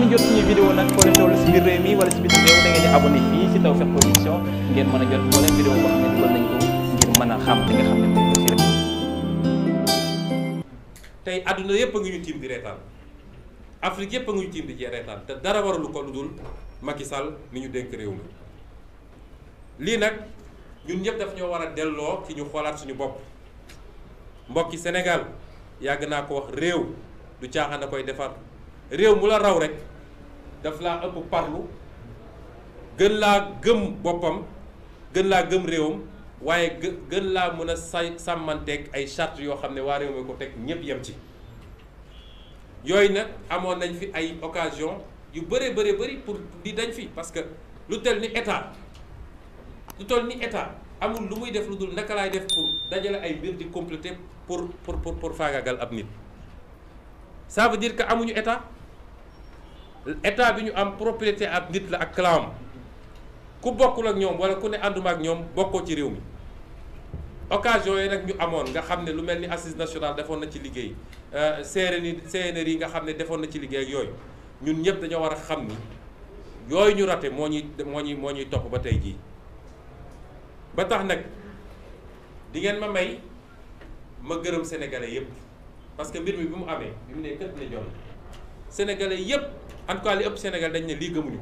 ngeen a jot moo mën a xam li nga xam ne moom la rek. tey àdduna yëpp a ngi ñu tiim di reetaan Afrique yëpp a ngi tiim di reetaan te dara waralu ko lu dul Macky Sall ñu dénk réew mi lii nag ñun ñëpp daf ñoo war a delloo ci ñu xoolaat suñu bopp mbokki senegal yàgg naa ko wax réew du caaxaan a koy defar. réew mu la raw rek daf laa ëpp parlu gën laa gëm boppam gën laa gëm réewam waaye gë gën laa mën a say sàmmanteeg ay charte yoo xam ne waa réew mi ko teg ñépp yem ci yooyu nag amoon nañ fi ay occasion yu bëree bëri bëri pour di dañ fi parce que lu tel ni état lu toll ni état amul lu muy def lu dul naka laay def pour dajale ay mbir di compléter pour pour pour faagaagal ab nit ça veut dire amuñu état état bi ñu am propriété ak nit la ak clam ku bokkul ak ñoom wala ku ne ànduma ak ñoom bokkoo ci réew mi occasion yi nag ñu amoon nga xam ne lu mel ni assis national defoon na ci liggéey CNRI euh, CNRI yi nga xam ne defoon na ci liggéey ak yooyu ñun ñëpp dañoo war a xam ni yooyu ñu rate moo ñuy moo ñuy moo ñuy topp ba tey jii ba tax nag di ngeen ma may ma gërëm sénégalais yëpp parce que mbir mi bi mu amee bi mu ne këpp ne jon sénégalais yëpp en tout cas li ëpp Sénégal dañ ne lii gëmuñu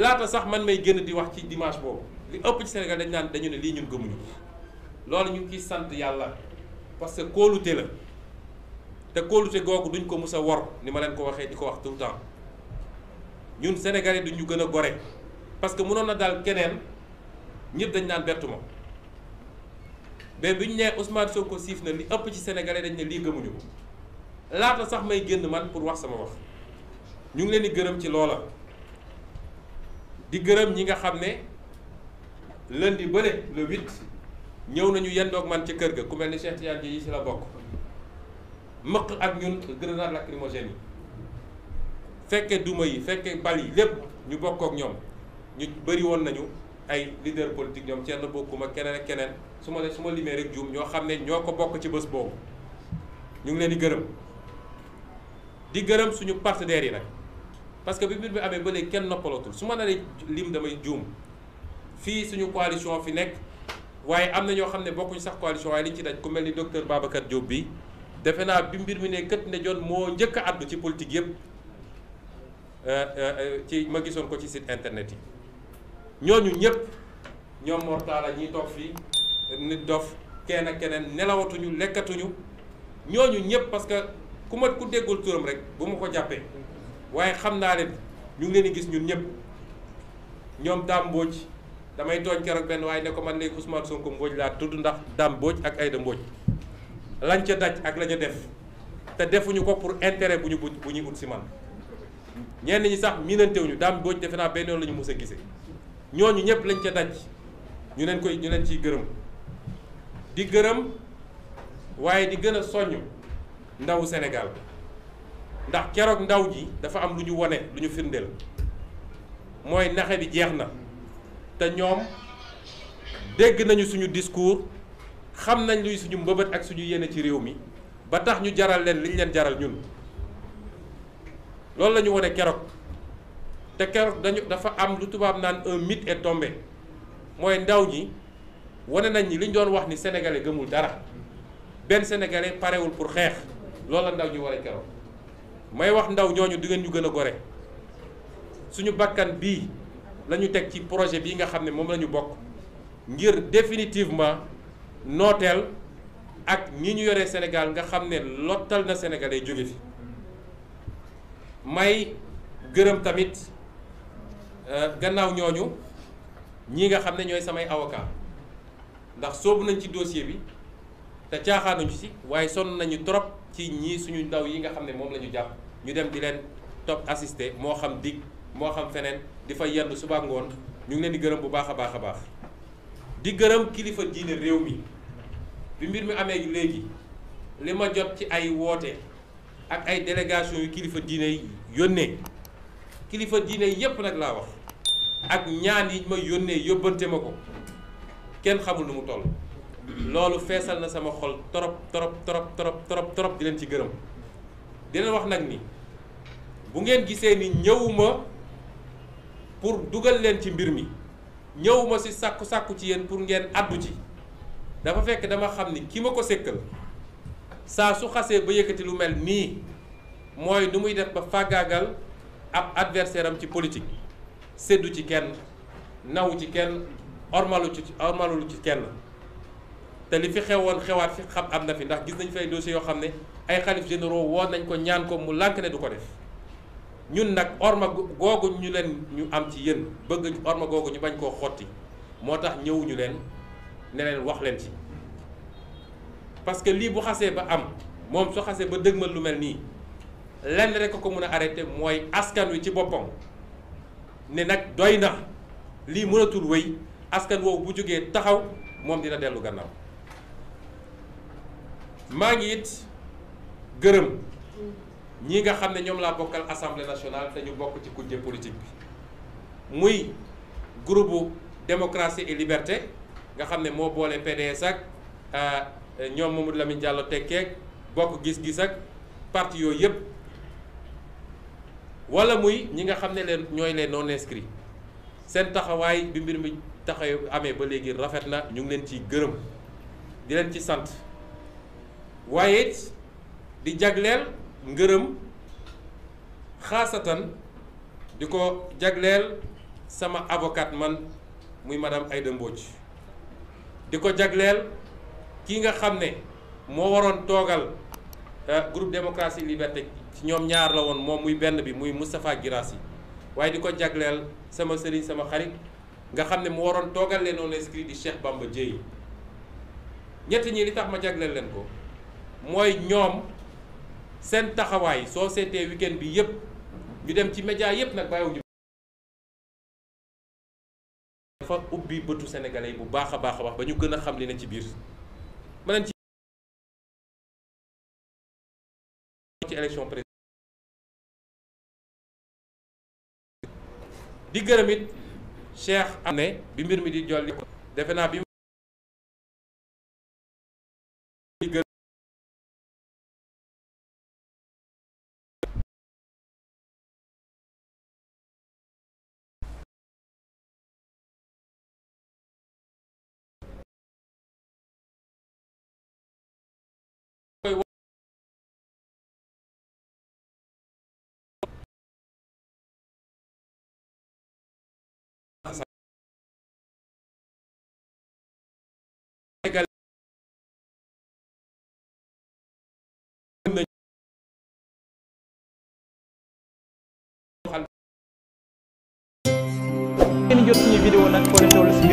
laata sax man may génn di wax ci dimanche boobu li ëpp ci Sénégal dañ naan dañu ne lii ñun gëmuñu loolu ñu ngi sant yàlla parce que kóolute la te kóolute googu duñ ko mus wor ni ma leen ko waxee di ko wax tout le temps ñun du ñu gën a gore parce que mënoon na daal keneen ñëpp dañ naan bettu ma mais bi ñu nee Ousmane Sonko siif na li ëpp ci Sénégalais dañ ne lii gëmuñu laata sax may génn man pour wax sama wax. ñu ngi leen di gërëm ci loola di gërëm ñi nga xam ne di bële le huit ñëw nañu yendoog man ca kër ga ku mel ni Cheikh Tidiane yi si la bokk mëq ak ñun grenade lacrymogène yi fekkee duma yi fekkee bal yi lépp ñu bokk ak ñoom ñu bëri woon nañu ay leader politique ñoom Thierno bokkuma keneen ak keneen su ma su ma limee rek juum ñoo xam ne ñoo ko bokk ci bés boobu ñu ngi leen di gërëm di gërëm suñu partenaires yi nag parce que bi mbir mi amee ba kenn noppalatul su ma nee lim damay juum fii suñu coalition fi nekk waaye am na ñoo xam ne bokkuñ sax coalition waaye liñ ci daj ku mel ni docteur Babacar Diop bi defe naa bi mbir mi ne kët ne jot moo njëkk a ci politique yëpp euh, euh, ci ma gisoon ko ci site internet yi ñooñu ñëpp ñoom mortala ñiy toog fii nit dof kenn ak keneen nelawatuñu lekkatuñu ñooñu ñëpp parce que ku ma ku déggul turam rek bu ma ko jàppee waaye xam naa leen ñu ngi leen di gis ñun ñëpp ñoom Dame Mbodj damay tooñ keroog benn waaye ne ko man léegi Ousmane Sonko Mbodj laa tudd ndax Dame Mbodj ak Aïda Mbodj lañ ca daj ak lañu def te defuñu ko pour intérêt bu ñu bu ñu ut si man ñenn ñi sax miinantewuñu Dame Mbodj defe naa benn yoon la ñu mës a gise ñooñu ñëpp lañ ca daj ñu leen koy ñu leen ciy gërëm di gërëm waaye di gën a soññ ndawu senegal ndax keroog ndaw ji dafa am lu ñu wone lu ñu firndeel mooy naxe bi jeex na te ñoom dégg nañu suñu discours xam nañ luy suñu mbëbët ak suñu yéene ci réew mi ba tax ñu jaral leen liñ leen jaral ñun loolu la ñu wone keroog te keroog dañu dafa am lu tubaab naan un mythe est tombé mooy ndaw ñi wane nañ ni liñ doon wax ni sénégalais gëmul dara benn sénégalais parewul pour xeex loolu la ndaw ñi war a keroog may wax ndaw ñooñu di ngeen ñu gën a gore suñu bakkan bii lañu teg ci projet bii nga xam ne moom lañu bokk ngir définitivement nooteel ak ñi ñu yore Sénégal nga xam ne lottal na Sénégalais jóge fi may gërëm tamit euh, gannaaw ñooñu ñii nga xam ne ñooy samay avocat ndax soobu nañ ci dossier bi te caaxaanuñu ci waaye sonn nañu trop ci ñii suñu ndaw yi nga xam ne moom la ñu jàpp ñu dem di leen topp assister moo xam dig moo xam feneen di fa yendu suba ngoon ñu ngi leen di gërëm bu baax a baax a baax di gërëm kilifa diine réew mi bi mbir mi amee léegi li ma jot ci ay woote ak ay délégation yu kilifa diine yi yónnee kilifa diine yépp nag laa wax ak ñaan yi ma yónnee yóbbante ma ko kenn xamul lu mu toll loolu feesal na sama xol trop trop trop trop trop trop di leen ci gërëm dina wax nag ni bu ngeen gisee ni ñëwuma pour dugal leen ci mbir mi ñëwuma si sàkku sàkku ci yéen pour ngeen addu ci dafa fekk dama xam ni ki ma ko sékkal saa su xasee ba yëkkati lu mel nii mooy nu muy def ba fàggaagal ab adversaire ci politique séddu ci kenn nawu ci kenn ormalu ci ormalu ci kenn te li fi xewoon xewaat fi xam am na fi ndax gis nañ fi ay dossiers yoo xam ne ay xalif généraux woon nañ ko ñaan ko mu lànk ne du ko def ñun nag orma googu ñu leen ñu am ci yéen bëgg orma googu ñu bañ koo xotti moo tax ñëwuñu leen ne leen wax leen ci parce que lii bu xasee ba am moom su xasee ba dëgmal lu mel nii lenn rek ko mën a arrêté mooy askan wi ci boppam ne nag doy na lii mënatul wéy askan woowu bu jógee taxaw moom dina dellu gannaaw maa ngi it gërëm ñi nga xam ne ñoom laa bokkal assemblée nationale te ñu bokk ci kujje politique bi muy groupe démocratie et liberté nga xam ne moo boole PDS ak euh, ñoom Mamadou Lamine Diallo tekkeeg bokk gis-gis ak parti yooyu yëpp walla muy ñi nga xam ne leen ñooy leen non inscrits seen taxawaay bi mbir mi taxaw amee ba léegi rafet na ñu ngi leen ciy gërëm di leen ci sant. waaye di jagleel ngërëm xaasatan di ko jagleel sama avocat man muy madame ayda Mbodj di ko jagleel kii nga xam ne moo waroon toogal euh, groupe démocratie liberté ci ñoom ñaar la woon moom muy benn bi muy Moustapha Guirassy waaye di ko jagleel sama sëriñ sama xarit nga xam ne moo waroon toogal leen non inscrit di Cheikh Bamba Dièye ñett ñi li tax ma jagleel leen ko mooy ñoom seen taxawaay soo seetee weekend bi yëpp ñu dem ci média yëpp nag bàyyiwuñu dafa ubbi bëtu sénégalais bu baax a baax a wax ba ñu gën a xam li ne ci biir mën nañ ci ci élection présidentielle di gërëm it am ne bi mbir mi di jolli defe naa bi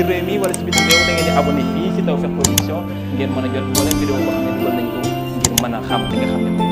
biir réew mi wala si bitim réew da ngeen di abonné fii si Tawfekh a jot ne dugal nañ ko ngir a